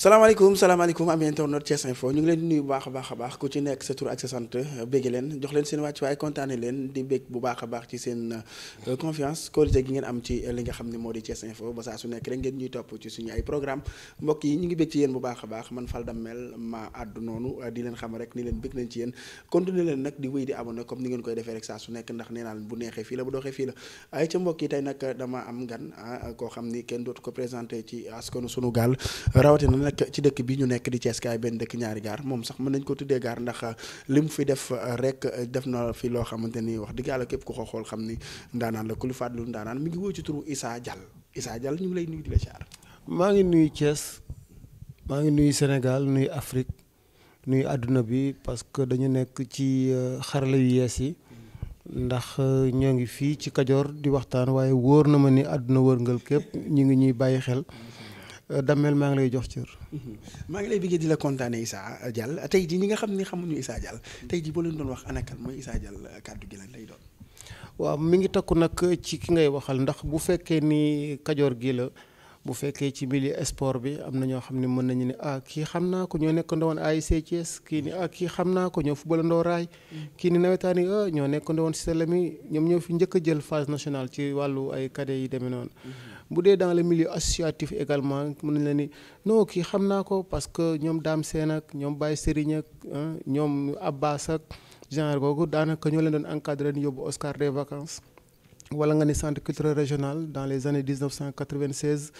salaamaaleykum salaamaaleykum am internet Thiès Info ñu ngi leen di nuyu bu baax a baax a baax ku ci nekk sa tur ak sa euh, leen jox leen seen wàcc waaye kontaane leen di bég bu a baax ci seen euh, confiance qualité gi ngeen am ci euh, li nga xam ne moo di Thiès Info ba saa su nekk rek ngeen ñuy topp ci suñu ay programme mbokk yi ñu ngi bég yéen bu baax a baax man Fall Damel ma àddu leen xam rek ni leen bég nañ ci yéen continuer leen nag di wéy di ngeen koy defee rek saa nekk ndax nee naa leen bu neexee fii la bu la ay ca yi tey nag dama am gan ah, koo xam ni kenn dootu ko présenté ci askanu sunu gaal rawatina nag ci dëkk bi ñu nekk di cees kaay benn dëkk ñaari gaar moom sax mën nañ ko tuddee gaar ndax euh, li mu fi def euh, rek euh, def na fi loo xamante ni wax dëgg yàlla képp ku ko xool xam ni ndaanaan la ku lu mi ngi wóo ci turu Issa Diall Issa ñu ngi lay nuyu di la maa ngi nuyu Thiès maa ngi nuyu Sénégal nuyu Afrique nuyu àdduna bi parce que dañu nekk ci xarala yu yees yi. ndax ñoo ngi fii ci Kajoor di waxtaan waaye wóor na ma ni àdduna wërngal képp ñu ngi ñuy bàyyi xel. Euh, Damel maa ngi lay jox cër. Mhm. maa ngi lay bëggee di la kontaanee Issa Diall tey jii ñi nga xam ni xamuñu Issa Diall tey jii boo doon wax ana kan mooy Issa Diall kàddu gi lan lay doon. waaw mi ngi takku nag ci ki ngay waxal ndax bu fekkee ni kajoor gi la bu fekkee ci milieu sport bi am na ñoo xam ne mën nañu ne ah kii xam naa ko ñoo nekk ndawoon ASC Thiès kii ni ah kii xam naa ko ñoo football ndoo mhm. kii ni nawetaan yi ah ñoo nekk ndawoon si mi ñoom ñoo fi njëkk jël phase nationale ci wàllu ay cadets yi demee noonu. Mhm. bu dee dans le milieu associatif également mën na la ni non kii xam naa ko parce que ñoom daam Sène ak ñoom Baye Serigne ak ñoom Abbas ak genre googu daanaka ñoo leen doon encadré ni yóbbu Oscar des vacances wala nga ni centre culturel régional dans les années 1996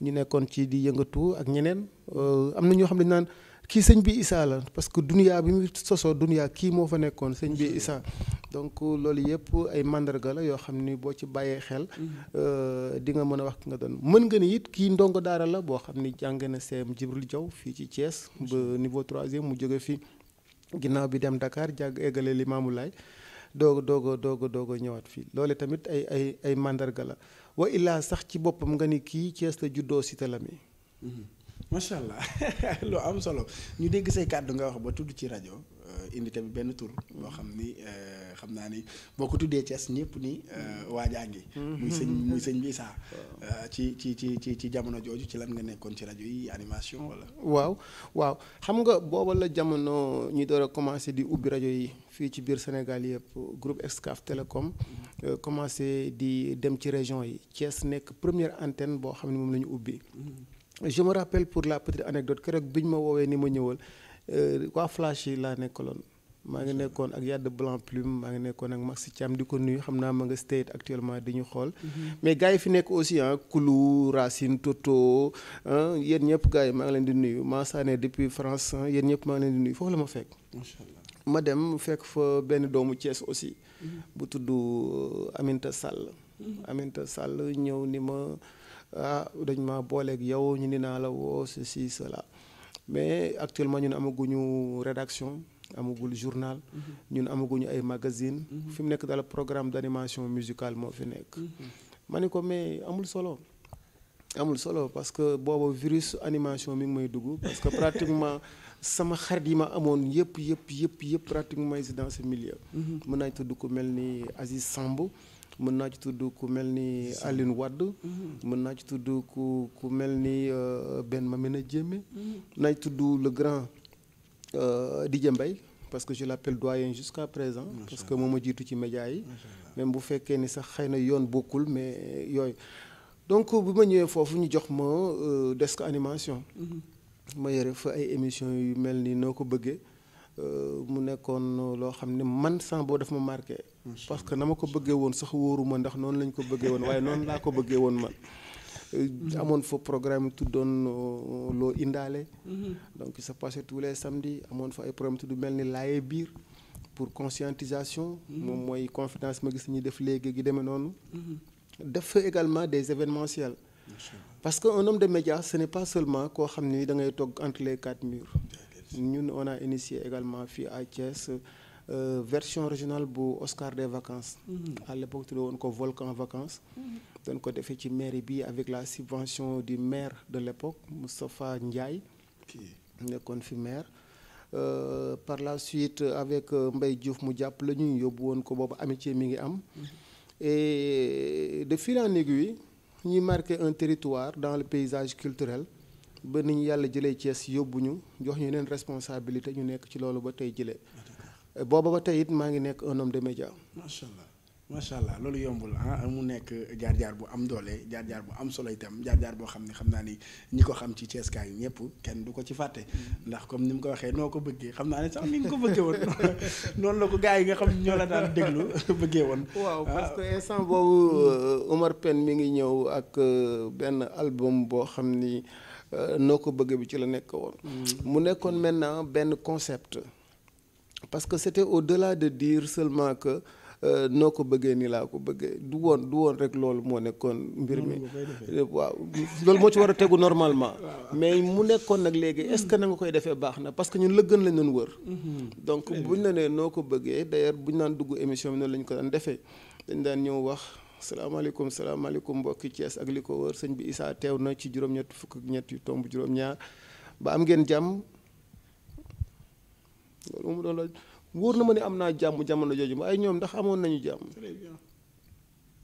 ñu nekkoon ci di yëngatu ak ñeneen euh, am na ñoo xam ne naan kii sëñ bi Issa la parce que duniyaa bi mu sosoo duniyaa kii moo fa nekkoon sëñ bi Issa donc loolu yëpp ay mandarga la yoo xam ni boo ci bàyyee xel mhm. euh, di nga mën a wax ki nga doon mën nga ni it kii ndongo daara la boo xam ni jàng na CM Djibril jaw fii ci Thiès ba niveau troisième mu jóge fi ginnaaw bi dem Dakar jàng eggale Limaamu Laay doog dooga dooga doog ñëwaat fii loole tamit ay ay ay mandarga la wa illaa sax ci boppam nga ni kii Thiès la juddoo Cité macha allah loo am solo ñu dégg say kàddu nga wax ba tudd ci rajo euh, indi tamit benn tour moo xam ni euh, xam naa ni boo ko tuddee Thiès ñëpp ni euh, waajaa ngi mm-hmm. muy sëñ muy sëñ bi saa ci ci ci ci ci jamono jooju ci lan nga nekkoon ci rajo yi animation wala waaw waaw xam nga booba la jamono ñu door a commencé di ubbi rajo yi fii ci biir Sénégal yëpp groupe Excaf Télécom mm-hmm. commencé di dem ci région yi cees nekk première antenne boo xam ne moom lañu ubbi mm-hmm. je me rappelle pour la petite anecdote keroog bi ñu ma woowee ni ma ñëwal euh, waa Flash yi laa nekkaloon maa ngi nekkoon ak Yad Blanc Plume maa ngi nekkoon ak Maxi Thiam di ko nuyu xam naa ma nga state actuellement di ñu xool. Mhm. mais gars yi fi nekk aussi ah Koulou Racine Toto yéen ñëpp gars yi maa ngi leen di nuyu maa saane depuis France yéen ñëpp maa ngi leen di nuyu foofu la ma fekk. macha allah ma dem fekk fa benn doomu Thiès aussi. Mhm. bu tudd euh, Aminta Sall. Mhm. Aminta Sall ñëw ni ma. ah dañ ma booleeg yow ñu ni naa la woo ceci cela mais actuellement ñun amaguñu rédaction amagul journal mhm. ñun amaguñu ay magazine mhm. fi mu nekk daal programme d'animation musicale moo fi nekk mhm. ma ni ko mais amul solo amul solo parce que booba virus animation mi ngi may dugg parce que pratiquement sama xarit yi ma amoon yëpp yëpp yëpp yëpp pratiquement si dans ce milieu mën naa tudd ko mel ni Aziz Samb mën naa ci tudd ku mel ni Aline Wade. Mm-hmm. mën naa ci tudd ku ku mel ni euh, Ben Mamina Diémé. mën mm-hmm. naa ci tuddu le grand euh, Didier Mbaye parce que je l'appelle doyen jusqu'à présent. parce que moom a jiitu ci média yi. même bu fekkee ni sax xëy na yoon bokkul mais yooyu. donc bu ma ñëwee foofu ñu jox ma euh, desk animation. Mm-hmm. ma yore fa ay émissions yu mel ni noo ko bëggee. Euh, mu nekkoon loo xam ne man sans boo daf ma marqué. parce que na ma ko bëggee woon sax wóoruma ndax noonu lañ ko bëggee woon waaye noonu laa ko bëggee woon man. Euh, amoon fa programme tout tuddoon euh, loo indaale. Mhm. donc ça passait tout les samedis amoon fa ay programme tudd mel ni laaye biir pour conscientisation. Mhm. moom mooy confidence ma gis ñu def léegi gi demee noonu. Mhm. def fa également des événementiels. parce que un homme de médias ce n'est pas seulement koo xam ni da ngay toog entre les quatre ñun on a initié également fii à Thiès euh, version régionale bu Oscar des vacances. Mm-hmm. à l'époque tuddee woon ko volcan vacances. Mm-hmm. dañ ko defee ci mairie bi avec la subvention du maire de l'époque Moustapha Ndiaye. nekkoon fi maire. Euh, par la suite avec mbay euh, Mbaye Diouf mu jàpp la ñuy yóbbu woon ko boobu amitié mi ngi am mm-hmm. et de fil en ñuy marqué un territoire dans le paysage culturel ba ni ñu yàlla jëlee Thiès yóbbu ñu jox ñu neen responsabilité ñu nekk ci loolu ba tey jëlee. booba ba tey it maa ngi nekk un homme de média. macha allah macha allah loolu yombul ah mu nekk jaar-jaar bu am doole jaar-jaar bu am solo itam jaar-jaar boo xam ne xam naa ni ñi ko xam ci Thiès kaay ñëpp kenn du ko ci fàtte. Mm-hmm. ndax comme ni mu ko waxee noo ko bëggee xam naa ne sax ni nga ko bëggee woon noonu la ko gars yi nga xam ñoo la daan déglu bëggee woon. waaw ah. parce que instant boobu mm-hmm. euh, mi ngi ñëw ak euh, benn album boo xam ni. Euh, noo ko bëgg bi ci la nekk woon mm. mu nekkoon maintenant benn concept parce que c'était au-delà de dire seulement que euh, noo ko bëggee nii laa ko bëggee du woon du woon rek loolu moo nekkoon mbir mi euh, waaw loolu moo ci war a tegu normalement mais mu nekkoon nag léegi est-ce que na nga koy defee baax na parce que ñun la gën lañ doon wër mm-hmm. donc buñ la nee noo ko bëggee bu buñ naan dugg émission bi noonu lañ ko daan defee dañ daan ñëw wax salaamaaleykum salaamaaleykum mbokki Thiès ak li ko wër sëñ bi Issa teew na ci juróom-ñett fukk ak ñett yu tomb juróom-ñaar ba am ngeen jàmm loolu moom doon la na ma ne am naa jàmm jamono jooju ay ñoom ndax amoon nañu jàmm.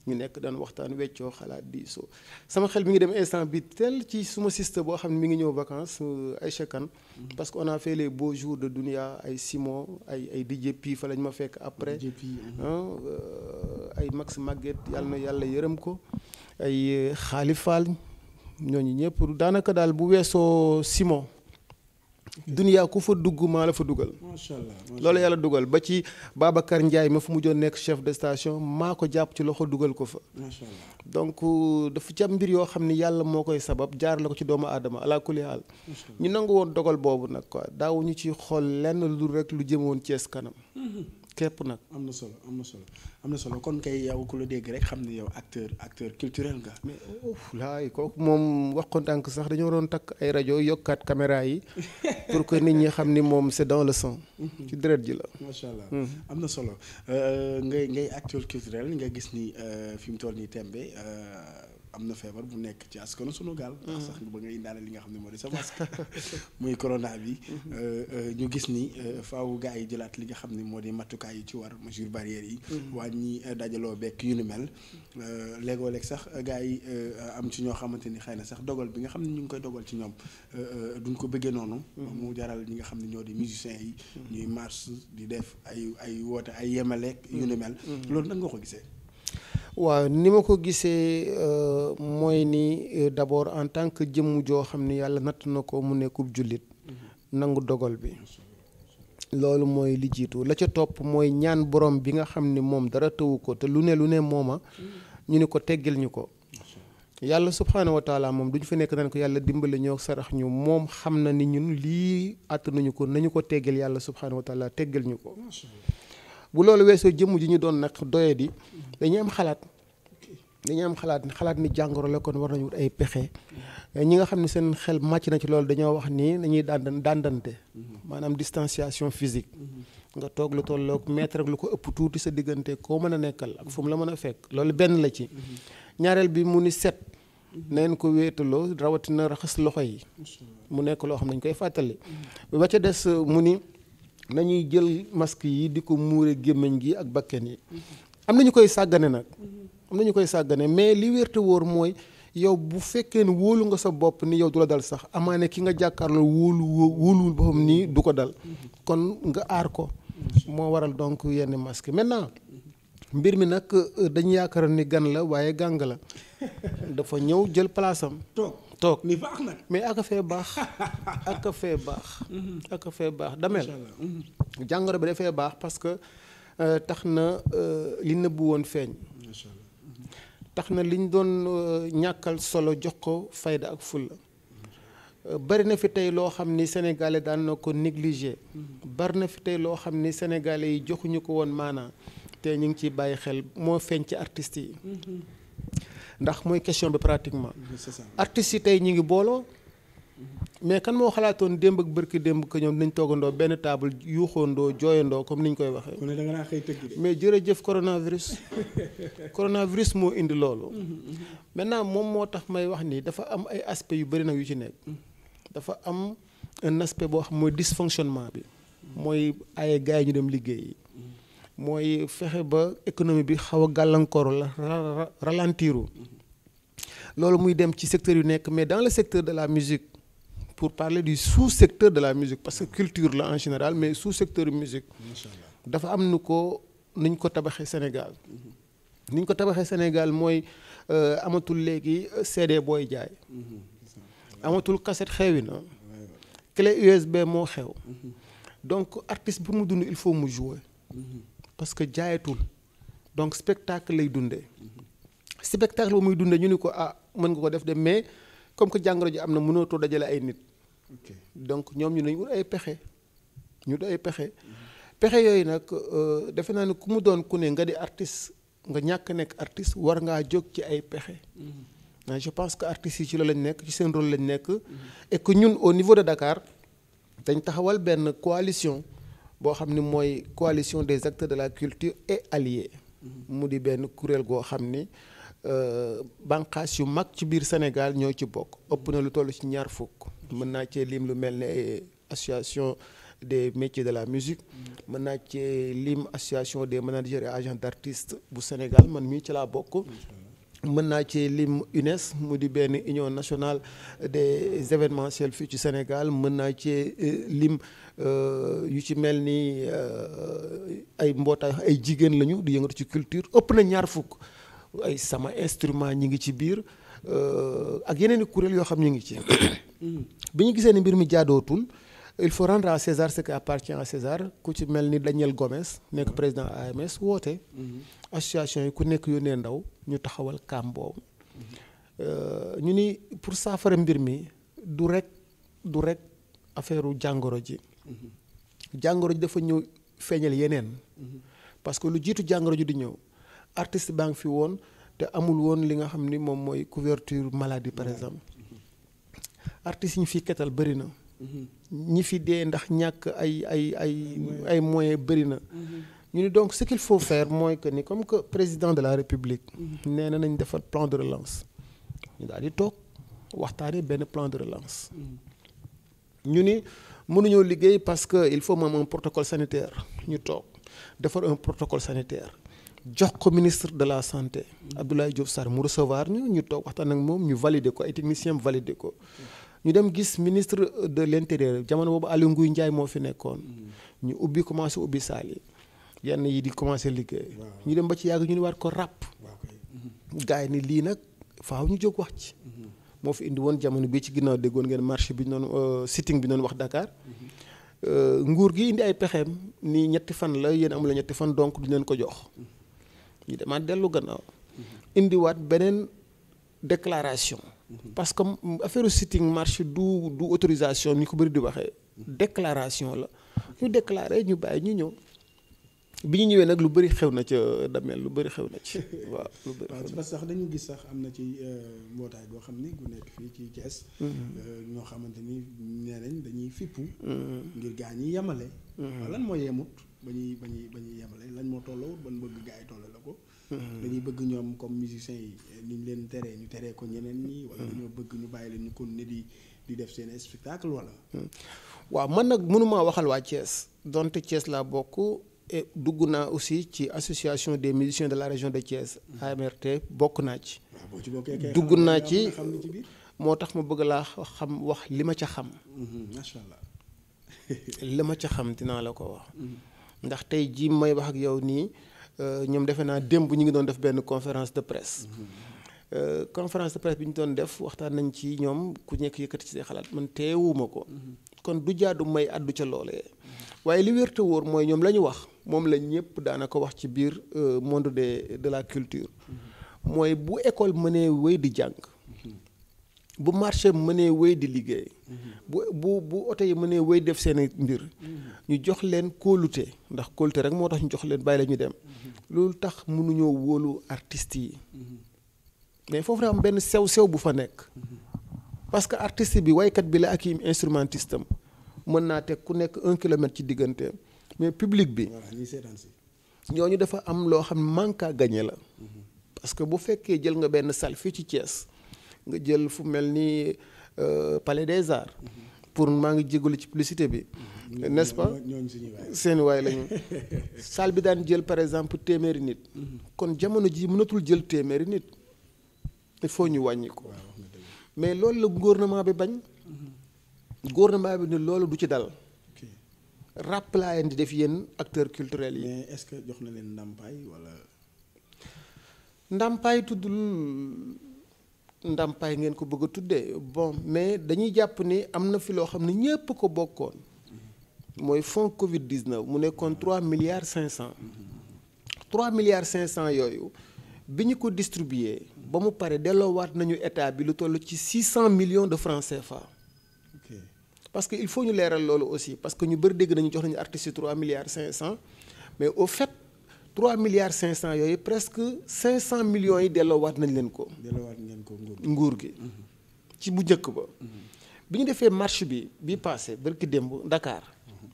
ñu nekk daan waxtaan weccoo xalaat di soo sama xel mi ngi dem instant bi tel ci suma siste boo xam ne mi ngi ñëw vacances euh, Aïcha Kane mm-hmm. parce que on a fait les beaux jours de Dunia ay Simon ay ay DJ Pi fa lañ ma fekk après mm-hmm. ah, euh, ay Max Maguette yàlla na yàlla yërëm ko ay Xaali euh, ñooñu ñëpp daanaka daal bu weesoo Simon duniyaa ku fa dugg maa la fa dugal. macha allah loolu yàlla dugal ba ci Babacar Ndiaye ma fu mujjoon nekk chef de station maa ko jàpp ci loxo dugal ko fa. macha donc euh, dafa ci mbir yoo xam ne yàlla moo koy sabab jaar la ko ci doomu aadama ala kulli haal ñu nangu woon dogal boobu nag quoi daawuñu ci xool lenn lu rek lu jëm woon Cees kanam. Mm-hmm. képp nag. am na solo am na solo am na solo kon kay yow ku la dégg rek xam ne yow acteur acteur culturel nga. mais laay kook moom wax ko dànk sax dañoo waroon takk ay rajo yokkaat caméra yi pour que nit ñi xam ni moom c'est dans le sang. Mhm. ci deret ji la. macha mhm. am na solo euh, ngay ngay acteur culturel nga gis ni euh, fi mu toll nii tembe. Euh, am na feebar bu nekk ci askanu sunu gaal. ndax sax ba nga indaale li nga xam ne moo di sa masque muy corona bi. Euh, euh, ñu gis ni euh, faw gars yi jëlaat li nga xam ne moo di mattukaay yi ci war mesure barrière yi. Mm-hmm. wàññi dajaloo bekk yu ni mel. léegoo léeg sax gars yi am ci ñoo xamante ni xëy na sax dogal bi nga xam ne ñu ngi koy dogal ci ñoom duñ ko bëggee noonu. Mm-hmm. mu jaral ñi nga xam ne ñoo di musiciens yi. Mm-hmm. ñuy marche di def ay ay woote ay yemaleek yu nu mel. loolu na nga ko gisee. waaw ni ma ko gisee euh, mooy ni euh, d'abord en tant que jëmm joo xam ne yàlla natt na ko mu nekkul jullit mhm. nangu dogal bi loolu mooy li jiitu la ca topp mooy ñaan borom bi nga xam ne moom dara tëwu ko te lu ne lu ne mooma mhm. ñu ni ko teggil ñu ko yàlla subhaanahu wa taala moom duñu fa nekk nan ko yàlla dimbale ñoo sarax ñu moom xam na ni ñun lii àtt nañu ko nañu ko teggal yàlla subhaanahu wa taala teggal ñu ko bu loolu weesoo jëmm ju ñu doon nag doye di dañuy am xalaat dañuy am xalaat xalaat ni jàngoro la kon war nañu wut ay pexe ñi nga xam ne seen xel màcc na ci loolu dañoo wax nii dañuy daan dandante maanaam distanciation physique nga toog lu tolloog mètre ak lu ko ëpp tuuti sa diggante koo mën a nekkal ak fu la mën a fekk loolu benn la ci ñaareel bi mu ni set neen ko wéetaloo rawatina raxas loxo yi mu nekk loo xam ne dañ koy fàttali ba ca des mu ni nañuy jël masque yi di ko muure gémmiñ gi ak bakken yi am na ñu koy sàggane nag am na ñu koy sàggane mais li wér wóor mooy yow bu fekkee ne wóolu nga sa bopp ni yow du la dal sax amaane ki nga jàkkaarloo wóolu wóoluwul boppam nii du ko dal kon nga aar ko moo waral donc yenn masque maintenant mbir mi nag euh, dañu yaakaar ni gan la waaye gàng la dafa ñëw jël place toog lii baax nag mais ak a fee baax ak a fee baax. Mm-hmm. ak a fee baax damel. Mm-hmm. jàngoro bi dafee baax parce que euh, tax na euh, li nëbbu woon feeñ. Mm-hmm. tax na liñ doon euh, ñàkkal solo jox ko fayda ak fulla bari na fi tey loo xam ni sénégalais daan na ko négligé. bari na fi tey loo xam ni sénégalais yi joxuñu ko woon maanaa te ñu ngi ciy bàyyi xel moo feeñ ci artistes yi. ndax mooy question bi pratiquement. artistes yi tey ñu ngi booloo. mais kan moo xalaatoon démb ak bërki démb ko ñoom nañ toogandoo benn table yuuxoondoo jooyandoo comme ni ñu koy waxee. mu ne a nga naa xëy tëgg de. mais jërëjëf coronavirus. coronavirus moo indi loolu. Mm-hmm, mm-hmm. maintenant moom moo tax may wax nii dafa am ay aspects yu bëri nag yu ci nekk. Mm-hmm. dafa am un boo xam mooy dysfonctionnement bi. mooy ay gars yi ñu dem liggéeyi. mooy fexe ba économie bi xaw a gàllankooru la ralentiru loolu muy dem ci secteur yu nekk mais dans le secteur de la musique pour parler du sous-secteur de la musique parce que culture la en général mais sous-secteur musique dafa am nu ko niñ ko tabaxee Sénégal mm-hmm. niñ ko tabaxee Sénégal mooy euh, amatul léegi CD booy jaay amatul cassette xewi na clé USB moo xew mm-hmm. donc artiste bu mu dund il faut mu jouer mm-hmm. parce que jaayatul donc spectacle lay dundee spectacle muy dundee ñu ni ko ah mën nga ko def de mais comme que jàngoro ji am na mënootoo dajale ay nit. donc ñoom ñu nañ ut ay pexe ñu ut ay pexe. pexe yooyu nag euh, defe naa ne ku mu doon ku ne nga di artiste nga ñàkk nekk artiste war ngaa jóg ci ay pexe. mais mm-hmm. ah, je pense que artistes yi ci la lañ nekk ci seen rôle lañu nekk. et ñun au niveau de Dakar dañ taxawal benn coalition boo xam ni mooy coalition des acteurs de la culture et alliés. Mm-hmm. mu di benn kuréel goo xam ni. Euh, bànqaas yu mag ci biir Sénégal ñoo ci bokk ëpp na lu toll ci ñaar fukk mën naa cee lim lu mel ne eh, association des métiers de la musique mm. mën naa cee lim association des managers agent agents bu Sénégal man mii ci laa bokk mm-hmm. mën naa ci lim UNES mu di benn union nationale des événementiels fii ci Sénégal mën naa ci eh, lim euh, yu ci mel ni euh, ay mbootaay ay jigéen lañu di yëngatu ci culture ëpp na ñaar fukk ay sama instrument ñi ngi ci biir euh, ak yeneen i kuréel yoo xam ñu ngi ci bi ñu gisee ni mbir mi jaadootul il faut rendre à César ce qui appartient à César ku ci mel ni Daniel Gomes nekk président AMS woote mm-hmm. association yi ku nekk yónnee ndaw ñu taxawal kaam boobu mm-hmm. euh, ñu ni pour saafara mbir mi du rek du rek affaire jàngoro ji mm-hmm. jàngoro ji dafa ñëw feeñal yeneen parce que lu jiitu jàngoro ji di ñëw artiste baa ngi fi woon te amul woon li nga xam ni moom mooy couverture maladie par exemple artistes yi ñu fi ketal bëri na ñi fi dee ndax ñàkk ay ay ay ay moyens bëri na ñu ni donc ce qu'il faut fair mooy que ni comme que président de la république ne na nañ defar plan de relance ñu daal di toog waxtaanee benn plan de relance ñu ni mënuñoo liggéey parce que il faut moom un protocole sanitaire ñu toog defar un protocole sanitaire jox ko ministre de la santé Abdoulaye Diouf Sarr mu recevoir ni ñu toog waxtaan ak moom ñu valider ko ay technicien valider ko ñu dem gis ministre de l' jamono boobu Aly nguy Ndiaye moo fi nekkoon ñu ubbi commencé ubbi saali yi yenn yi di commencé liggéey ñu dem ba ci yàgg ñu ni war ko ràpp gars yi ni lii nag faaw ñu jóg wax ci moo fi indi woon jamono bii ci ginnaaw déggoon ngeen marché bi noonu euh, sitting bi noonu wax Dakar euh, nguur gi indi ay pexeem ni ñetti fan la yéen amula ñetti fan donc duñ leen ko jox ñu demaat dellu gannaaw indiwaat beneen déclaration. parce que affaire sitting marche du du autorisation ni ko bëri di waxee. déclaration la ñu déclaré ñu bàyyi ñu ñëw. bi ñu ñëwee nag lu bëri xew na ca damel lu bëri xew na ci waaw lu bëri xew na sax dañu gis sax am na ci euh, mbootaay goo xam ni bu nekk fii ci Thiès mm-hmm. euh, ñoo xamante ni nee dañuy fippu mm-hmm. ngir gaa ñi yemale mm-hmm. lan moo yemut ba ñuy ba ba ñuy yemale lañ moo tolloo ban bëgg gaa yi tolle la ko hmm. dañuy bëgg ñoom comme musiciens yi eh, ni ñu leen teree ñu teree ko ñeneen ñi wala hmm. dañoo bëgg ñu bàyyi leen ñu kon ne di di def seen spectacle wala hmm. waaw man nag mënumaa waxal waa Thiès donte Thiès laa bokk dugg naa aussi ci association des musiciens de la région de Thiès AMRT bokk naa ci ah, dugg naa ci moo tax ma bëgg laa xam wax li ma ca xam macha allah li ma ca xam dinaa la ko wax ndax tey jii may wax ak yow nii euh, ñoom defe naa démb ñu ngi doon def benn conférence de presse. Mm-hmm. Euh, conférence de presse bi ñu doon def waxtaan nañ ci ñoom ku nekk yëkkati ci say xalaat man teewuma ko. Mm-hmm. kon du jaadu may àddu ca loole mm-hmm. waaye li wér wóor mooy ñoom la ñu wax moom la ñëpp daanaka wax ci biir euh, monde de de la culture. mooy bu école mënee wéy di jàng. bu marché mënee wéy di liggéey. bu bu bu oto yi mënee wéy def seen mbir. ñu jox leen kóolute ndax kóolute rek moo tax ñu jox leen bàyyi la ñu dem. loolu tax mënuñoo wóolu artistes yi. mais foofu rek am benn sew sew bu fa nekk. parce que artiste bi waykat bi la ak i instrumentiste am mën naa teg ku nekk un kilomètre ci diggante mais publique bi. ñooñu dafa am loo xam ne manque à gagner la. parce que bu fekkee jël nga benn salle fii ci Thiès. nga jël fu mel ni euh, palais des arts. pour maa ngi jégalu ci publicité bi. Mm-hmm. n'est-ce pas seen waay lañu. salle bi daan jël par exemple téeméeri nit. Mm-hmm. kon jamono ji mënatul jël téeméeri nit. il faut ñu wàññi ko. mais loolu la gouvernement bi bañ. Mm-hmm. gouvernement bi ne loolu du ci dal. rappelaa leen di def yéen acteurs culturels yi. mais est-ce que jox na leen ndàmpaay wala. ndàmpaay tuddul. ndàmpaay ngeen ko bëgg a tuddee bon mais dañuy jàpp ni am na fi loo xam ne ñépp ko bokkoon mooy fonds Covid 19 mu nekkoon 3 milliards 500 3 milliards 500 yooyu bi ñu ko distribué ba mu pare delloowaat nañu état bi lu toll ci 600 million de francs CFA. ok parce que il faut ñu leeral loolu aussi parce que ñu bëri dégg nañu jox nañu artistes yi 3 milliards 500 mais au fait. 3 milliards 500 yooyu presque 500 millions yi delloowaat nañ leen ko. delloowaat nañ leen ko nguur gi mhm. ci bu njëkk ba. Mhm. bi ñu defee marche bi bi passé barki démb Dakar mhm.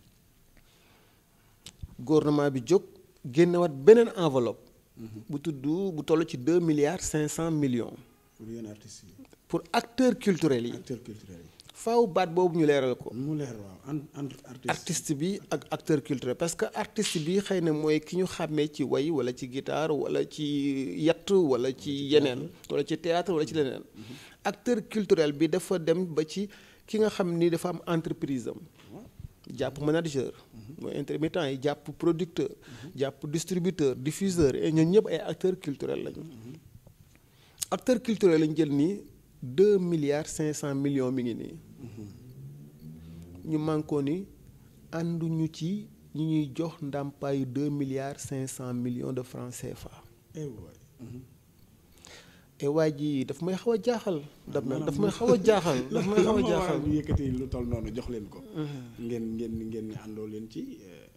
gouvernement bi jóg génnewaat beneen enveloppe. bu tudd bu toll ci 2 milliards 500 millions. pour yenn artistes pour acteurs culturels yi. acteurs culturels yi. faaw baat boobu ñu leeral ko. mu leer waaw artiste bi ak acteur culturel parce que artist bi xëy na mooy ki ñu xàmmee ci way wala ci guitare wala ci yatt wala ci yeneen wala ci théâtre wala ci leneen mm-hmm. acteur culturel bi dafa dem ba ci ki nga xam ni dafa am entreprise am jàpp manager mm-hmm. mooy intermittent yi jàpp producteur mm-hmm. jàpp distributeur diffuseur et ñun ñëpp ay acteur culturel lañu acteur culturel lañ jël nii deux milliards cinq cent millions mi ngi nii ñu mànkoo ni ànduñu ci ñu ñuy jox ndàmpaayu deux milliards cinq cent millions de francs CFA. et eh waa eh ji dafa may xaw a jaaxal. daf may xaw a jaaxal daf may xaw a jaaxal lu yëkkati lu toll noonu jox leen ko. Mhm. ngeen ngeen ngeen àndoo leen ci eh,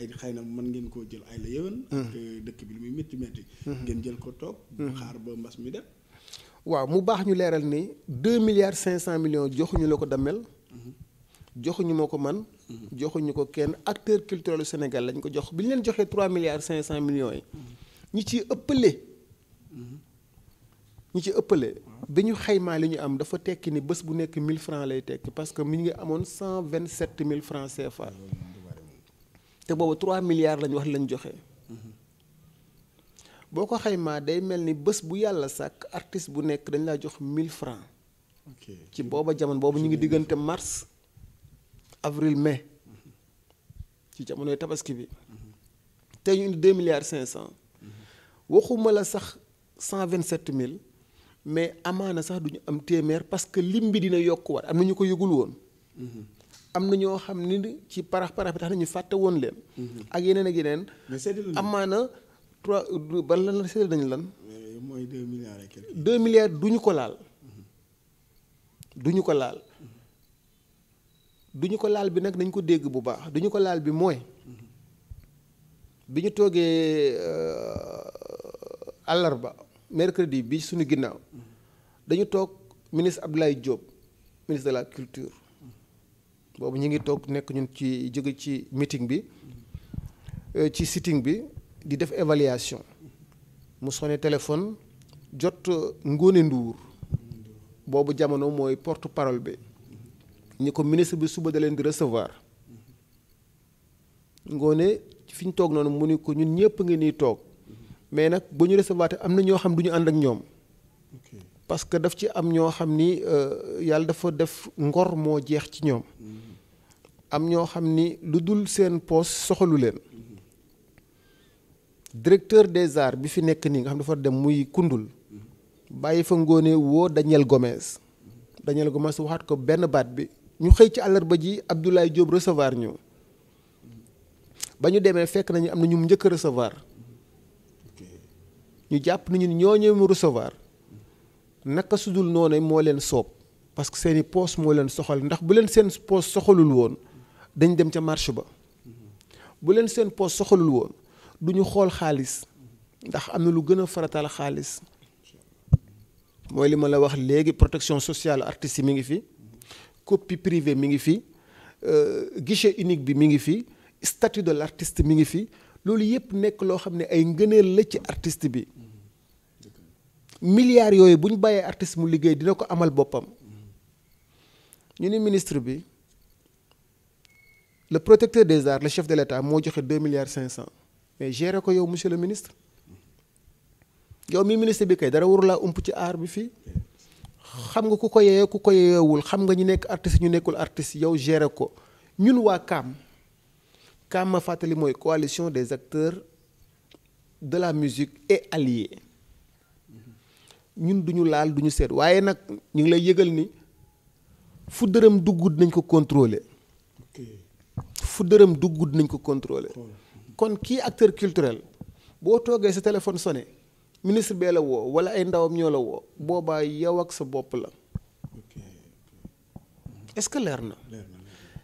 ay xëy na mën ngeen koo jël ay la mhm. dëkk bi lu muy métti métti. Mhm. ngeen jël ko toog. xaar ba mbas mi dem. waaw mu baax ñu leeral ni deux milliards cinq cent millions joxuñu la ko Damel joxuñu ma ko man joxuñu ko kenn acteur culturel Sénégal lañ ko jox bi ñu leen joxee trois milliards cinq cent millions yi ñi ci ëppale ñi ci ëppale bi ñu xaymaa li ñu am dafa tekki ni bés bu nekk mille francs lay tekki parce que mi ngi amoon cent vingt sept mille francs CFA te boobu trois milliards lañ wax lañu joxe boo ko xaymaa day mel ni bés bu yàlla sàkk artiste bu nekk dañ laa jox mille francs ci booba jamon boobu ñu ngi diggante mars avril mais ci jamonoy tabaski bi mhm. te ñu indi 2 milliards 500 mhm. waxuma la sax 127 mille mais amaana sax duñu am téeméer parce que lim bi dina yokkuwaat am na ñu ko yëgul woon. Mhm. am na ñoo xam ni ci parax parax bi tax nañu fàtte woon leen. ak yeneen ak yeneen. amaana. trois ba lan la seetlu nañu lan. Eh, mooy deux milliards et quelque. deux duñu ko laal. duñu ko laal. duñu ko laal bi nag nañ ko dégg bu baax du ko laal bi mooy. bi ñu toogee euh, àllarba mercredi bi suñu ginnaaw dañu toog ministre Abdoulaye Diop ministre de la culture boobu ñu ngi toog nekk ñun ci jóge ci meeting bi euh, ci sitting bi di def évaluation mu sone téléphone jot euh, Ngone nduur boobu jamono mooy porte parole bi ñi ko ministre bi suba da leen di recevoir Ngone fi ñu toog noonu mu ni ko ñun ñëpp ngi nii toog mais nag bu ñu recevoir te am na ñoo xam du ñu ànd ak ñoom parce que daf ci am ñoo xam ni euh, yàlla dafa def ngor moo jeex ci ñoom mm-hmm. am ñoo xam ni lu dul seen poos soxalu leen directeur des arts bi fi nekk nii nga xam dafa dem muy kundul bàyyi fa ngoone woo Daniel Gomes Daniel Gomes waxaat ko benn baat bi ñu xëy ci àllarba ji Abdoulaye Diop recevoir ñu ba ñu demee fekk nañu am na ñu mu njëkk recevoir ñu jàpp nañu ñooñu mu recevoir naka sudul noonu moo leen soob parce que seeni poos moo leen soxal ndax bu leen seen poos soxalul woon dañ dem ca marché ba mhm. bu leen seen poos soxalul woon du ñu xool xaalis ndax am na lu gën a farataal xaalis mooy li ma la wax léegi protection sociale artist mi ngi fi copie privée mi ngi fi euh, guichet unique bi mi ngi fi statut de l'artiste mi ngi fi loolu yépp nekk loo xam ne ay ngëneel la ci artiste bi milliards yooyu bu ñu bàyyee artist mu liggéey dina ko amal boppam ñu ni ministre bi le protecteur des arts le chef de l'État moo joxe deux milliards cinq cents mais gérer ko yow monsieur le ministre yow mi ministre bi kay dara waru laa ump ci aar bi fii xam nga ku ko yeyoo ku ko yeyoowul xam nga ñu nekk artiste ñu nekkul artiste yow gérer ko ñun waa kaam kaam ma fàttali mooy coalition des acteurs de la musique et alliés ñun duñu laal duñu seet waaye nag ñu ngi lay yëgal ni fu dërëm dugg nañ ko contrôler fu dërëm dugg nañ ko contrôler kon kii acteur culturel boo toogee sa téléphone sone ministre bee la woo wala ay ndawam ñoo la woo boobaa yow ak sa bopp la est-ce que leer na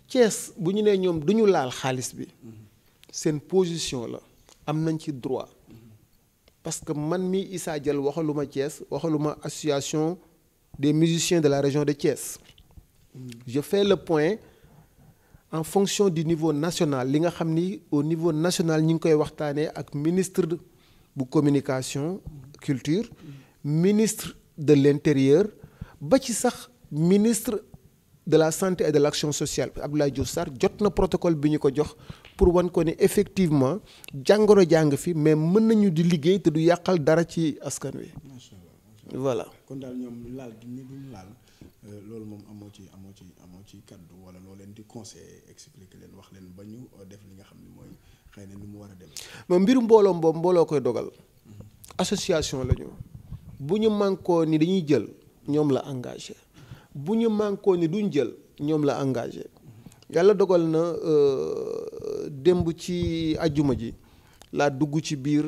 Thiès bu ñu nee ñoom duñu laal xaalis bi seen position la am nañ ci droit parce que man mi Issa Dial waxaluma Thiès waxaluma association des musiciens de la région de Thiès mm. je fais le point en fonction du niveau national li nga xam ni au niveau national ñu ngi koy waxtaanee ak ministre bu communication culture ministre de l'intérieur ba ci sax ministre de la santé et de l'action sociale Abdoulaye Diouf Sarr jot na protocole bi ñu ko jox pour wan ko ni effectivement jàngoro jàng fi mais mën nañu di liggéey te du yàqal dara ci askan wi. voilà kon daal ñoom laal Euh, loolu moom amoo ci amoo ci amoo ci kaddu wala loo leen di conseiller expliquer leen wax leen ba ñu euh, def li nga xam ne mooy xëy na ni mu war a demee. moom mbiru mbooloo boobu mbooloo koy dogal. association la bu ñu mànkoo ni dañuy jël ñoom la engagé bu ñu mànkoo ni duñ jël ñoom la engage yàlla dogal na euh, démb ci àjjuma ji laa dugg ci biir.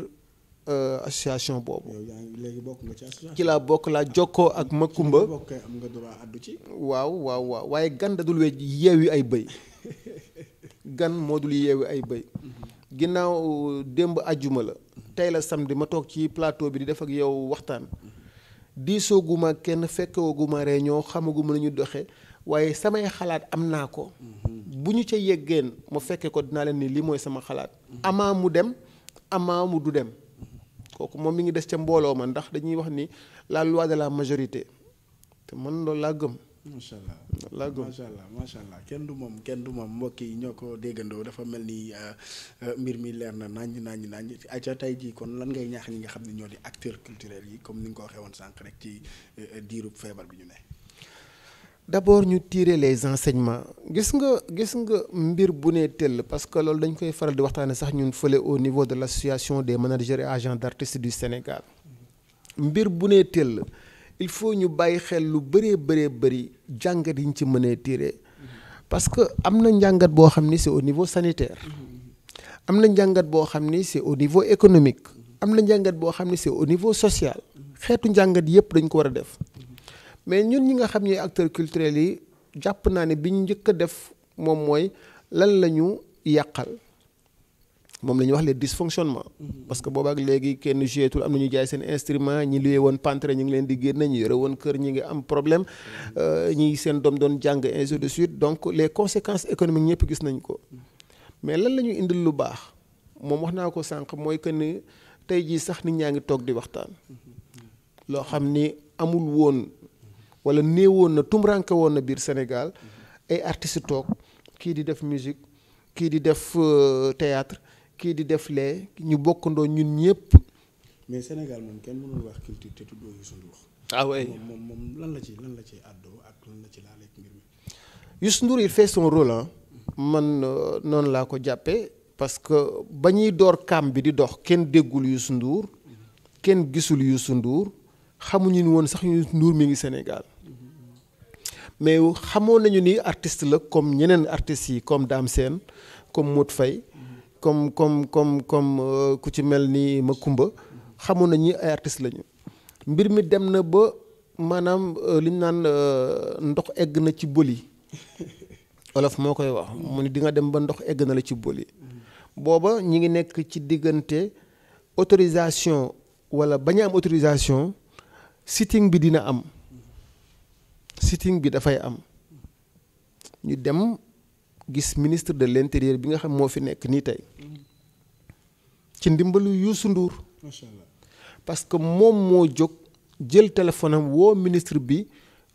Euh, association boobu. léegi bokk nga ci laa bokk laa jokkoo ak Makumba. am nga droit addu ci. waaw waaw waaw waaye gan da we wéy yeewi ay bëy gan moo dul yeewi ay bëy mhm. ginnaaw démb ajjuma la. Mhm. tey la samedi ma toog ci plateau bi di def ak yow waxtaan. Mhm. diisoo kenn fekkoo gu ma réunion xamaguma nañu doxe waaye samay xalaat am naa ko. bu ñu ca yeggeen ma fekkee ko dinaa leen ni lii mooy sama xalaat. amaa mu dem amaa mu du dem. kooku moom mi ngi des ca mbooloo ma ndax dañuy wax ni la loi de la majorité te man loolu laa gëm. macha allah laa gëm macha allah kenn du moom kenn du moom mbokk yi ñoo ko déggandoo dafa mel ni euh, euh, mbir mi leer na naññ naññ naññ ayca tey jii kon lan ngay ñaax ñi nga xam ne ñoo di acteur culturels yi comme ni nga ko waxee woon sànq rek ci euh, diiru feebar bi ñu ne. d'abord ñu tirer les enseignements gis nga gis nga mbir bu ne tëll parce que loolu dañ koy faral di waxtaane sax ñun fële au niveau de l'association des managers et agents d'artistes du Sénégal mbir bu ne tëll il faut ñu bàyyi xel lu bëree bëree bëri jàngat yi ñu ci mënee tirer parce que am na njàngat boo xam ni c'est au niveau sanitaire am na njàngat boo xam ni c'est au niveau économique am na njàngat boo xam ni c'est au niveau social xeetu njàngat yépp dañ ko war a def mais ñun ñi nga xam ne acteur culturels yi jàpp naa ne bi ñu njëkk a def moom mooy lan la ñu yàqal moom la ñuy wax leen dysfonctionnements. Mm-hmm. parce que boobaak léegi kenn jouetul am na ñu jaay seen instrument ñi luyee woon pantre ñu ngi leen di génne ñu yore woon kër ñi ngi am problème mm-hmm. euh, ñi seen doom doon jàng ainsi suite donc les conséquences économiques ñëpp gis nañ ko mm-hmm. mais lan la ñu indil lu baax moom wax naa ko sànq mooy que ni tey jii sax nit ñaa ngi toog di waxtaan loo xam ni amul woon. wala néewoon na tumranke woon na biir Sénégal ay artistes toog kii di def musique kii di def euh, théâtre kii di def lee ñu bokkandoo ñun ñëpp. mais Sénégal moom kenn mënul wax culture te ah moom moom lan la ci lan la ci àddoo ak lan ci laaleeg mbir mi. Youssou Ndour man euh, noonu laa ko jàppee parce que ba ñuy door kaam bi di dox kenn déggul Youssou nduur kenn gisul Youssou nduur xamuñu ni woon sax Youssou Ndour mi ngi Sénégal. mais xamoon nañu ni artiste la comme ñeneen artistes yi comme Dame Sène comme Mout Faye comme comme comme comme euh, ku ci mel ni Makumba xamoon nañu ay artistes lañu mbir mi dem na ba maanaam euh, li ñu naan euh, ndox egg na ci bëli olof moo koy wax mu ni di nga dem ba ndox egg na la ci bëli booba ñi ngi nekk ci diggante autorisation wala bañ am autorisation sitting bi dina am sitting bi dafay am ñu dem gis ministre de l'intérieur bi nga xam moo fi nekk nii tey ci ndimbalu Youssou Ndour macha parce que moom moo jóg jël téléphone woo ministre bi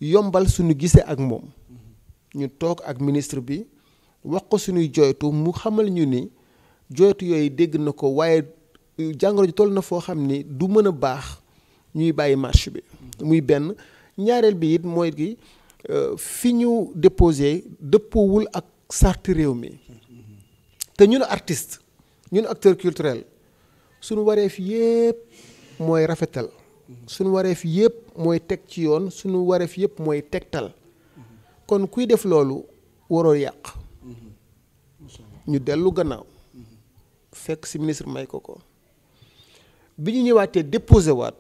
yombal suñu gisee ak moom ñu toog ak ministre bi wax ko suñuy joytu mu xamal ñu ni joytu yooyu dégg na ko waaye jàngoro ji toll na foo xam ni du mën a baax ñuy bàyyi marché bi muy benn ñaareel bi it mooy gi euh, fi ñu déposé dëppoowul ak sart réew mi te ñun artiste ñun acteur culturel suñu wareef yépp mooy rafetal suñu wareef yépp mooy teg ci yoon suñu wareef yépp mooy tegtal kon kuy def loolu waroo yàq ñu dellu gannaaw fekk ci ministre may ko ko bi ñu ñëwaatee déposé waat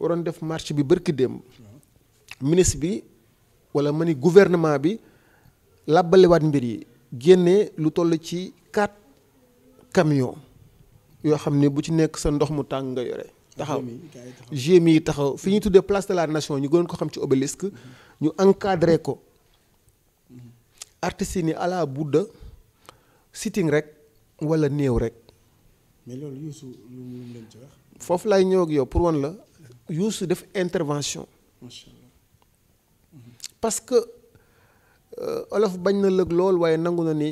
waroon def marche bi bërki démb ministre bi wala ma ni gouvernement bi làbbaliwaat mbir yi génne lu toll ci quatre camions yoo xam ne bu ci nekk sa ndox mu tàng nga yore taxaw GMI yi taxaw fi ñuy tuddee place de la nation ñu gën ko xam ci obélisque ñu encadré ko mm-hmm. artistes yi ni à sitting rek walla néew rek. mais loolu foofu laay ñëw yow pour wan la Youssou def intervention parce que euh, olof bañ na lëg lool waaye nangu na ni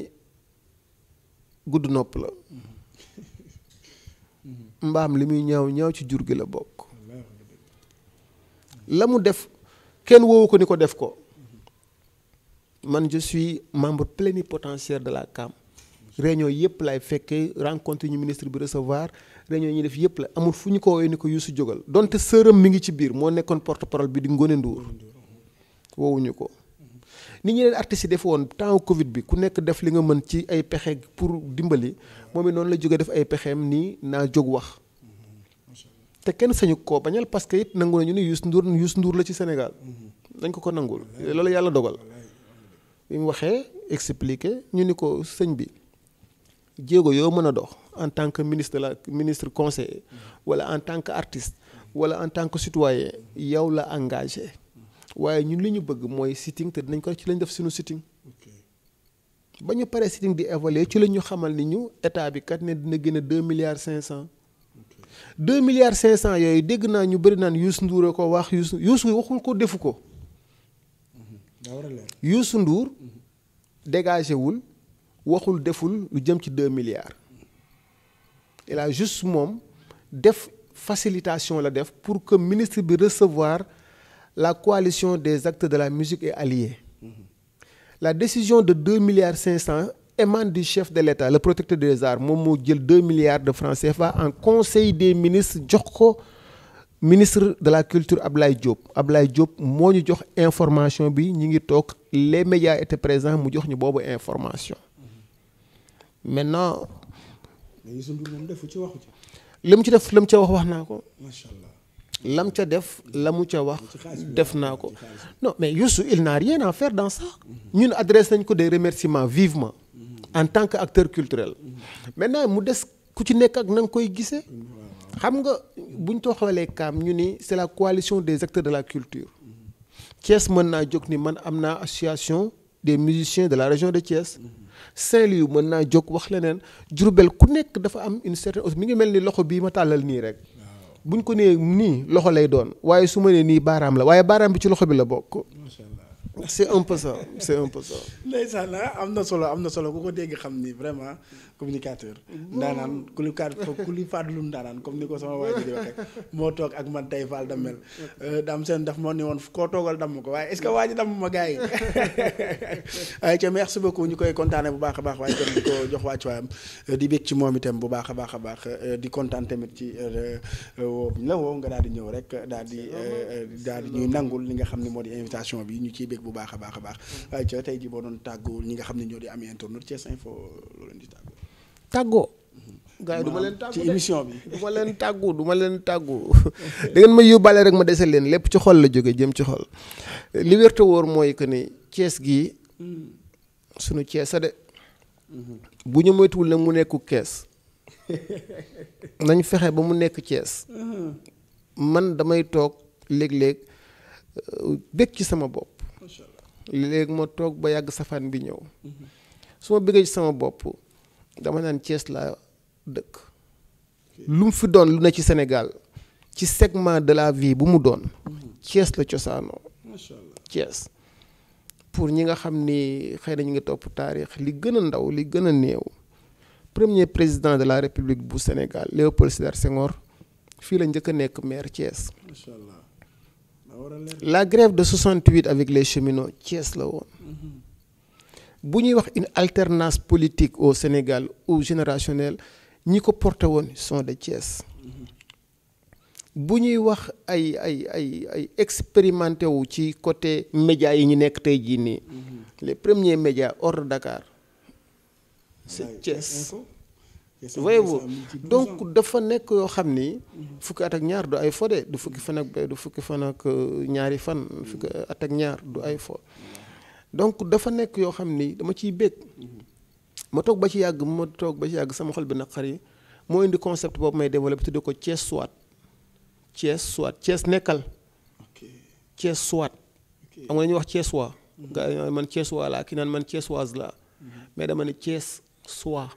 gudd nopp la mbaam li muy ñaaw ñaaw ci jur gi la bokk la mu def kenn woowu ko ni ko def ko mm-hmm. man je suis membre plénipotentiaire de la CAM réunion yëpp laay fekkee rencontre ñu ministre bi recevoir réunion ñu def yëpp la amul fu ñu ko woowee ni ko Youssou jógal donte sëram mi ngi ci biir moo nekkoon porte parole bi di Ngone Ndour woowuñu ko ni ñeneen artistes yi def woon temps Covid bi ku nekk def li nga mën ci ay pexe pour dimbali moom it noonu la jóge def ay pexeem nii naa jóg wax te kenn sañu koo bañal parce que it nangu nañu ni Youssou Ndour Youssou Ndour la ci Sénégal dañ ko ko nangul loolu yàlla dogal bi mu waxee expliqué ñu ni ko sëñ bi jéego yoo mën a dox en tant que ministre la ministre conseil wala en tant que artiste wala en tant que citoyen yow la engagé waaye ñun li ñu bëgg mooy sitting te dinañ ko ci lañu def suñu sitting ba ñu paree sitting di évaluer ci la ñu xamal ni ñu état bi kat ne dina génne deux milliards cinq cent. deux milliards cinq cent yooyu dégg naa ñu bëri naan Youssou Ndour ko wax Youssou Youssou waxul ko defu ko. Mhm. Youssou nduur mhm. dégagé wul. waxul deful lu jëm ci deux milliards il a juste moom def facilitation la def pour que ministre bi recevoir la coalition des acteurs de la musique et alliés mm-hmm. la décision de deux milliards cinq cent émane chef de l'État le protecteur des arts moom moo jël deux milliards de francs CFA en conseil des ministre jox ko ministre de la culture Ablaye ab Ablaye Diop moo ñu jox information bi ñu ngi toog les médias étaient présents mu jox ñu boobu information maintenant. mais moom ci waxu li mu ci def la mu ca wax wax naa ko. macha allah la mu ca def la mu ca wax. def naa ko no mais Youssou il n'a rien à faire dans ça. ñun adresse nañ ko des remerciements vivement. en tant que acteur culturel. maintenant mu des ku ci nekk ak na koy gisee. xam nga bu ñu toxalee kaam ñu ni c'est la coalition des acteurs de la culture. Thiès mën naa jóg ni mën am naa association des musiciens de la région de Thiès. Saint-Louis mën naa jóg wax leneen Diourbel ku nekk dafa am une certaine hausse mi ngi mel ni loxo bii ma tàllal nii rek buñ ko nee nii loxo lay doon waaye su ma nee nii baaraam la waaye baaraam bi ci loxo bi la bokk. c'est un peu ça c'est un peu ça. ndeysaan ah, am na solo am na solo ku ko dégg xam ni vraiment communicateur. ndaanaan ku li kaat ku li fàttaliwul ndaanaan comme ni ko sama waa ji di moo toog ak man tey dam Damel. Euh, dam seen daf moo ni woon koo toogal damm ko waaye est-ce que waa ji damm ma gars yi. waaye ca merci beaucoup ñu koy kontaanee bu baax a baax waaye itam di ko jox euh, di bég ci moom itam bu baax a baax a baax euh, di kontaan tamit ci woo nga daal di ñëw rek daal di daal di ñuy nangul li nga xam ni moo di invitation bu baax a baax a baax mm. waaye ca tey ji boo doon tàggoo ñi nga xam ne ñoo di am internet Thiès Info loolu tàggoo tàggoo mm-hmm. ma leen tàggu émission bi du ma leen tàggu du leen tàggu da ma yóbbaale rek ma dese leen lépp ci xol la jóge jëm ci xol li wér mooy que ni Thiès gii mm. sunu Thiès a mm-hmm. bu ñu moytuwul nag mu nekku kees nañ fexe ba mu nekk Thiès mm-hmm. man damay toog léeg-léeg euh, bëgg ci sama bopp léegi ma toog ba yàgg safaan bi ñëw mhm. su ma bëggee ci sama bopp dama naan Thiès laa dëkk lu mu fi doon lu ne ci Sénégal ci segment de la vie bu mu doon Thiès mhm. la cosaanoo Thiès pour ñi nga xam ni xëy na ñu ngi topp taarix li gën a ndaw li gën a néew premier président de la république bu Sénégal Léopold Sédar Senghor fii la njëkk a nekk maire Thiès la grève de 68 avec les cheminots Thiès la woon bu ñuy wax une alternance politique au Sénégal ou générationnelle ñi ko porté woon sont de Thiès bu ñuy wax ay ay ay ay expérimenté wu ci côté médias yi ñu nekk tey jii nii les premiers médias hors Dakar c'est voyez-vous donc dafa nekk yoo xam ni mhm. fukki at ak ñaar du ay fo de du fukki fan ak du fukki fan euh, ñaari fan mhm. fukki at ak ñaar du ay fo mhm. donc dafa nekk yoo xam ni dama ciy bég ma toog ba ci yàgg ma toog ba ci yàgg sama xol bi naqar yi moo indi concept boobu may développé tudde ko Thiès suwaat Thiès soit Thiès nekkal Thiès soit am nga ñuy wax Thiès waa nga man Thiès waa laa ki man Thiès waas laa mais dama ne Thiès soit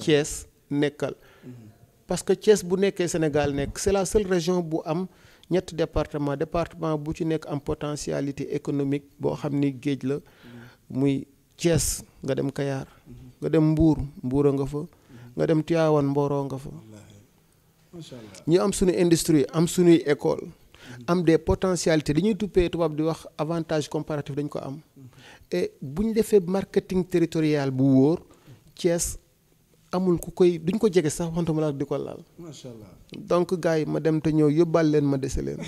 Thiès nekkal mm-hmm. parce que Thiès bu nekkee Sénégal nekk c'est la seule région bu am ñetti département département bu ci nekk am potentialité économique boo xam ni géej la mm-hmm. muy Thiès nga dem Kayaar mm-hmm. nga dem Mbour Mbour nga fa nga dem Tivaouane mbooroo nga fa ñu am suñu industrie am suñuy école am des potentialités li ñuy tuppee tubaab di wax avantage comparatif dañ ko am et bu defee marketing territorial bu wóor Thiès amul ku koy duñ ko jege sax wante ma la di ko laal. allah donc gars yi ma dem te ñëw yóbbaale leen ma dese leen.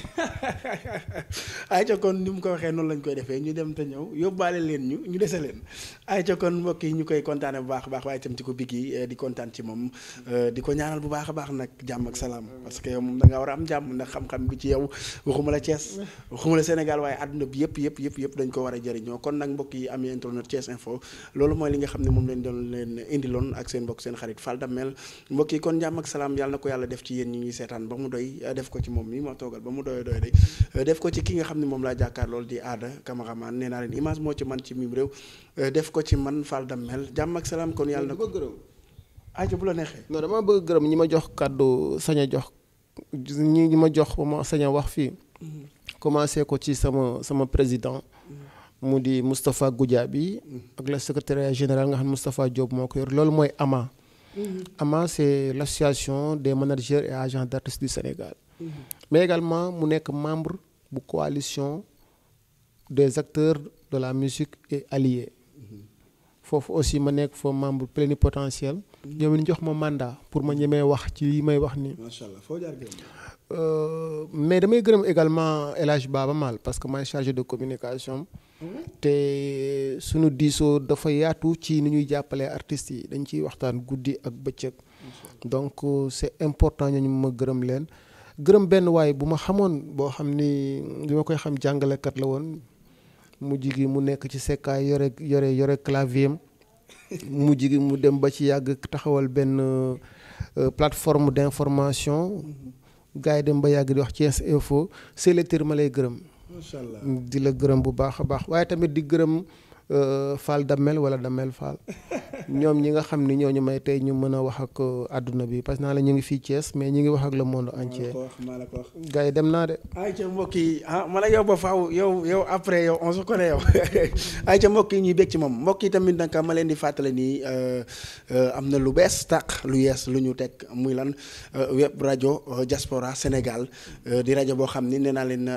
ayca kon ni mu ko waxee noonu lañ koy defee ñu dem te ñëw yóbbaale leen ñu ñu dese leen ayca kon mbokk yi ñu koy kontaane bu baax a baax waaye itam ci ko bigi eh, di kontaan ci moom eh, di ko ñaanal bu baax a baax nag jàmm ak salaam. parce que yow moom da nga war a am jàmm ndax xam-xam bi ci yow waxuma la Thiès waxuma la Sénégal waaye àdduna bi yëpp yëpp yëpp yëpp dañ ko war a kon nag mbokk yi am internet Thiès info loolu mooy li xam ne moom lañ doon leen indiloon ak seen mbokk seen xarit Fall Damel mbokk yi kon jàmm ak salaam yàlla na ko yàlla def ci yéen ñi ñuy seetaan ba mu doy eh, def ko ci moom mi ma toogal ba mu doy doy day eh, def ko ci ki nga xam ne moom laa jàkkaar lool di aada cameraman nee naa leen moo ci man ci mim réew eh, ko ci man Fall Damel jàmm ak salaam kon yàlla na ko ajo bu la neexee non dama bëgg gërëm ñi ma jox kàddu sañ a jox ñi ma jox ba ma sañ wax fii mm-hmm. commencé ko ci sama sama président mm-hmm. mu di Moustapha Goudiaby mm-hmm. ak le secrétaire général nga xam Moustapha Diop moo ko yor loolu mooy ama Mm-hmm. AMA c'est l'association des managers et agent d'artistes du Sénégal. Mm-hmm. mais également mu nekk membre bu coalition des acteurs de la musique et alliés. Mm-hmm. foofu aussi ma nekk foo membre plénipotentiel. ñoom ñu jox ma mandat pour ma ñemee wax ci li may wax nii. macha allah foo jaar euh, mais damay gërëm également élage Hadj Baba parce que maay chargé de communication. te sunu diisoo dafa yaatu ci ni ñuy jàppalee artistes yi dañ ciy waxtaan guddi ak bëccëg. donc c'est important ñu ma gërëm leen. gërëm benn waaye bu ma xamoon boo xam ni li ma koy xam jàngalekat la woon mujj gi mu nekk ci sekkaay yore yore yore clavier am mujj gi mu dem ba ci yàgg taxawal benn euh, plateforme d'information gars yi dem ba yàgg di wax Thiès Info c'est ma lay gërëm. di la gërëm bu baax a baax waaye tamit di gërëm Euh, Fall Damel wala Damel Fall ñoom ñi nga xam ni ñoo ñu may tey ñu mën a wax ak àdduna euh, bi parce que naa la ñu ngi fii cees mais ñu ngi wax ak le monde entier. maa la ko wax gars dem naa de. ayca mbokk yi ah ma la yow ba faaw yow yow après yow on se connaît yow ayca mbokk yi ñuy bég ci moom mbokk yi tamit nag ma leen di fàttali nii euh, am na lu bees tàq lu yees lu ñu teg muy lan web rajo jaspora Sénégal di rajo boo xam ni nee naa leen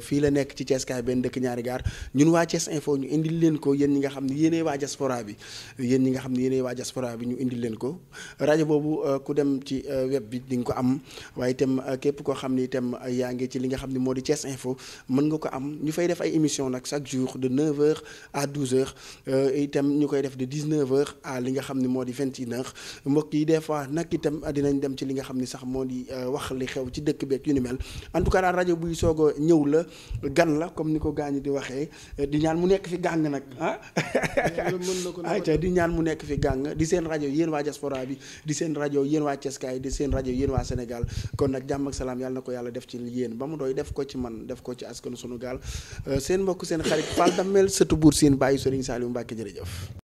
fii la nekk ci Thiès kaay benn dëkk ko yéen ñi nga xam ne yéenay waa diaspora bi yéen ñi nga xam ne yéenay waa diaspora bi ñu indil leen ko rajo boobu euh, ku dem ci euh, web bi di nga ko am waaye itam euh, képp koo xam ne itam yaa ngi ci li nga xam ne moo di Thiès Info mën nga ko am ñu fay def ay émission nag chaque jour de 9h à 12h itam ñu koy def de 19h à li nga xam ne moo di 21h mbokk yi des fois nag itam dinañ dem ci li nga xam ni sax moo di wax li xew ci dëkk beeg yu nu mel en tout cas rajo buy soog a ñëw la gan la comme ni ko gaañ di waxee di ñaan mu ah ayca di ñaan mu nekk fi gàng di seen rajo yéen waa diaspora bi di seen rajo yéen waa Ceskaay di seen rajo yéen waa Sénégal kon nag jàmm ak salaam yàlla na ko yàlla def ci yéen ba mu doy def ko ci man def ko ci askanu sunu gaal euh, seen mbokk seen xarit Fall Damel sëtu buur seen bàyyi Sëriñ Saliou Mbacke jërëjëf